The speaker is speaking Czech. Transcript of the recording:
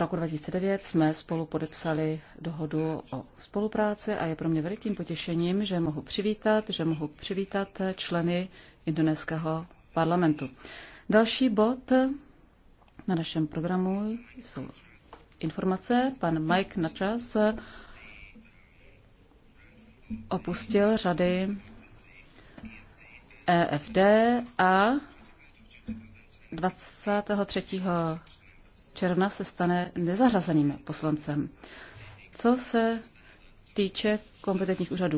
roku 2009 jsme spolu podepsali dohodu o spolupráci a je pro mě velikým potěšením, že mohu přivítat, že mohu přivítat členy indonéského parlamentu. Další bod na našem programu jsou informace. Pan Mike Natras opustil řady EFD a 23 června se stane nezařazeným poslancem. Co se týče kompetentních úřadů